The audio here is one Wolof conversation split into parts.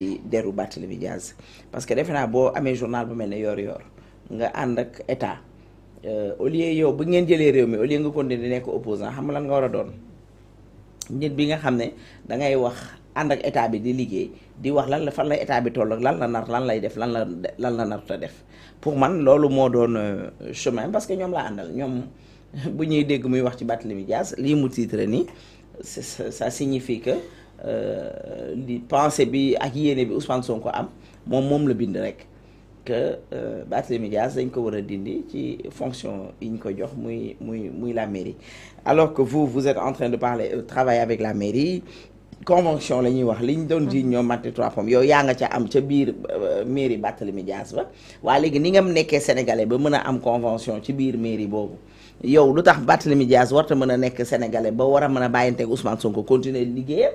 deru le parce que journal bu yor yor nga a un état euh, au lieu yo bu ngeen réew mi au nga opposant xam lan nga a nit bi nga wax état bi di liggé di wax lan la fan état bi toll lan la nar lan lay def lan la la pour man euh, chemin parce que nous, la andal ñom bu ñuy dégg muy wax ci ça signifie que euh, li pensée bi ak yene bi Ousmane Sonko am mom mom la bind rek que euh, battle médias dañ ko wara dindi ci fonction yi ko jox muy muy muy la mairie alors que vous vous êtes en train de parler euh, travailler avec la mairie convention lañuy wax liñ doon ji maté trois pom yow ya nga ci am ci biir mairie battle médias ba wa légui ni nga nekkee sénégalais ba mëna am convention ci biir mairie bobu yow lutax battle médias warta mëna nekk sénégalais ba wara mëna mën Ousmane Sonko continuer liggéeyam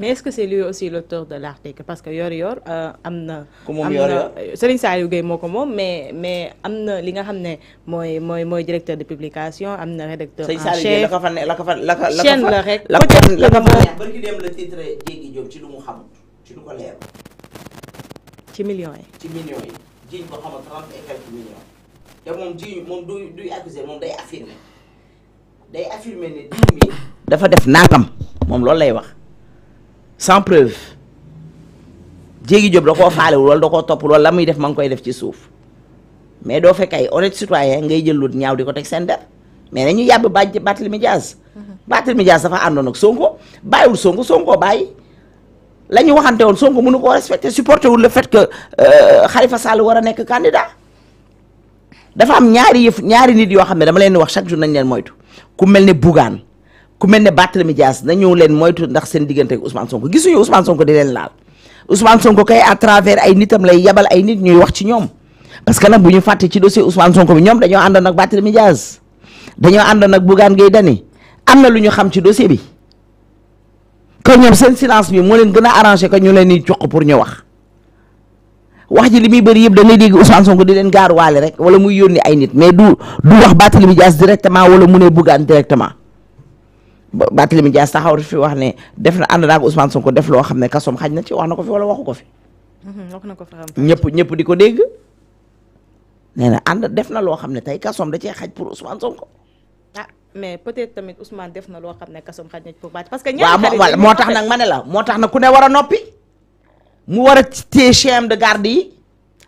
mais est-ce que c'est lui aussi l'auteur de l'article parce que mais mais directeur de publication millions. rédacteur en chef la la titre millions. ci mu ci ko leer. ci millions ci millions ko millions du day affirmer day affirmer dafa def sans preuve Diégui Diop da koo faalewul wala da koo toppul wala la muy def ma ngi koy def ci suuf mais doo fekk ay honnête citoyen ngay jël lu ñaaw di ko teg seen der ñu nañu yàbb bàj Barthélémy Dias Barthélémy Dias dafa àndoon ak Sonko bàyyiwul Sonko Sonko bàyyi la ñu waxante woon Sonko mënu koo respecté supporté wul le fait que euh, Khalifa Sall war a nekk candidat dafa am ñaari yëf ñaari nit yoo xam ne dama leen wax chaque jour nañ leen moytu ku mel ne Bougane ku mel ne mi Dias na len moytu ndax sen diggante ak Ousmane Sonko gisuñu Ousmane Sonko di len laal Ousmane Sonko kay à travers ay nitam lay yabal ay nit ñuy wax ci ñom parce que nag buñu ñu ci dossier Ousmane Sonko bi ñom dañu and nak Barthélemy Dias dañoo àndoon ak Bougane Gueye Dany am na xam ci dossier bi ko ñom sen silence bi mo len gëna arranger ko ñu len di jox pour ñu wax wax ji limi muy yeb da ngay Ousmane Sonko di gar walé rek wala muy yoni ay nit mais du du wax Barthélemy Dias directement wala mu ne Bougane directement. Barthélémy Dias taxaw fi wax ne def na ànd naa ak Ousmane Sonko def loo xam ne kasoom xaj na ci wax na ko fi wala waxu fi. Mhm, wax na ko fi ñëpp ñëpp di ko dégg. nee na ànd def na loo xam ne tey kasoom da cee xaj pour Ousmane Sonko. ah mais peut-être tamit Ousmane def na loo xam ne kasoom ci pour Barth parce que. ñaari xarit la ku ne mu de garde yi.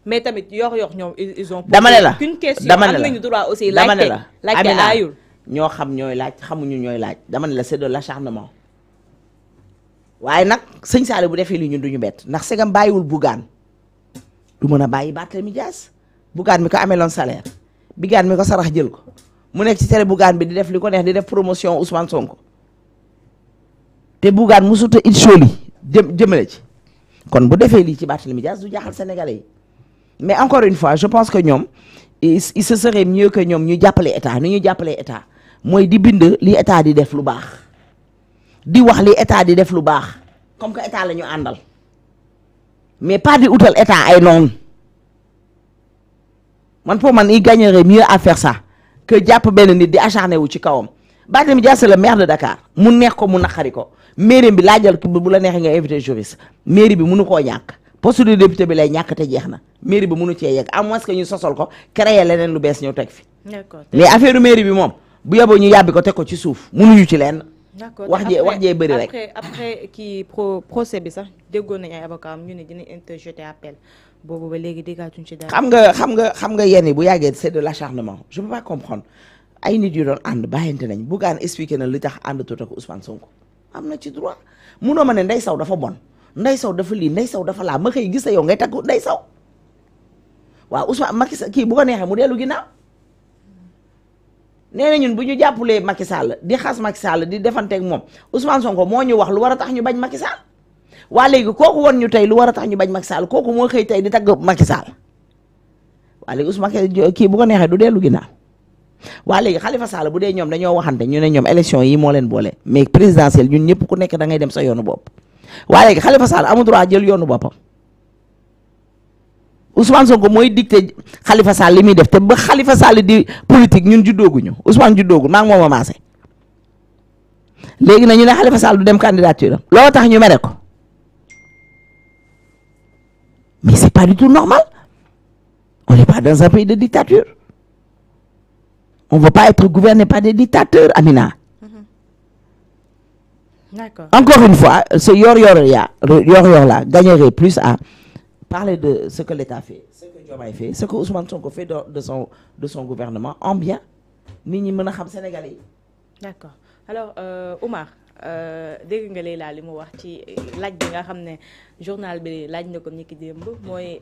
mais tamit yor-yor ñoom ils ont. dama ne la dama la question am nañu droit aussi. la ñoo xam ñooy laaj xamuñu ñooy laaj dama ne la c'est de l'acharnement waaye nag sëñ Saliou bu defee lii ñun duñu bett ndax segam bàyyiwul Bougane du mën a bàyyi Barthélémy Dias Bougane mi ko ameloon salaire Bougane mi ko sarax jël ko mu nekk ci télé Bougane bi di def li ko neex di def promotion Ousmane Sonko te Bougane mosut a it soli jëm jëmale ci kon bu defee lii ci Barthélémy Dias du jaaxal sénégalais yi mais encore une fois je pense que ñoom il se serait mieux que ñoom ñu jàppale état nu ñu jàppale état mooy di bind li état di def lu baax di wax li état di def lu baax comme que état lañu àndal mais pas di utal état ay noonu man pour man il gagnerait mi à faire ça que jàpp benn nit di acharné wu ci kawam Barthélémy Dias c'est le maire de Dakar mu neex ko mu naqari ko mairie bi laajal ki bu la neexee nga invité juriste mairie bi munu koo ñàkk poste de député bi lay ñàkk te jeex na mairie bi munu cee yegg am moins que ñu sosol ko créer leneen lu bees ñëw teg fi mais affaire mairie bi moom bu yabo ñu yàbbi ko teg ko ci suuf ñu ci lenn d'accord wax jee wax jee bëri rek après après kii pro procès bi sax déggo nañ ay avocat ñu ne dinañ interjeter appel boobu ba légui léegi tuñ ci dara. xam nga xam nga xam nga yenn bu yàggee c'est de l'acharnement je peux pas comprendre ay nit yu doon and bàyyante nañ bu gaan expliquer na li tax ànd tuut ak Ousmane Sonko amna ci droit munoo mané ne saw dafa bon Ndeye saw dafa li Ndeye saw dafa la ma xey gis yow ngay tagg Ndeye saw waaw Ousmane Macky ki bu ko neexee mu dellu ginnaw nee ñun bu ñu jàppulee Macky di xas Macky Sall di defanteeg moom Ousmane Sonko moo ñu wax lu war a tax ñu bañ Macky Sall waa léegi kooku won ñu tey lu war a tax ñu bañ Macky Sall kooku moo xëy tey di tagg Macky Sall waa léegi Ousmane kii bu ko neexee du dellu ginnaaw waa léegi Khalifa Sall bu dee ñoom dañoo waxante ñu ne ñoom élection yi moo leen boole mais présidentielle ñun ñëpp ku nekk da ngay dem sa yoonu bopp waa léegi Khalifa Sall jël yoonu boppam Ousmane Sonko moy dicté Khalifa Sall limi def te ba Khalifa Sall di politique ñun juddooguñu Ousmane juddoogul maa ngi moom a maase léegi na ñu ne Khalifa Sall du dem candidature lo tax ñu méré ko mais c'est pas du tout normal on n'est pas dans un pays de dictature on ne veut pas être gouverné par des dictateurs Amina d'accord encore une fois ce yor-yor yor-yor là gagnerait plus à parler de ce que l'État fait, ce que Diomaye fait, ce que Ousmane Sonko fait de, son, de son gouvernement en bien, nit ñi Sénégalais D'accord alors euh, Omar. je euh, nga lay parler li mu wax ci laaj nga xam journal bi laaj na ko ni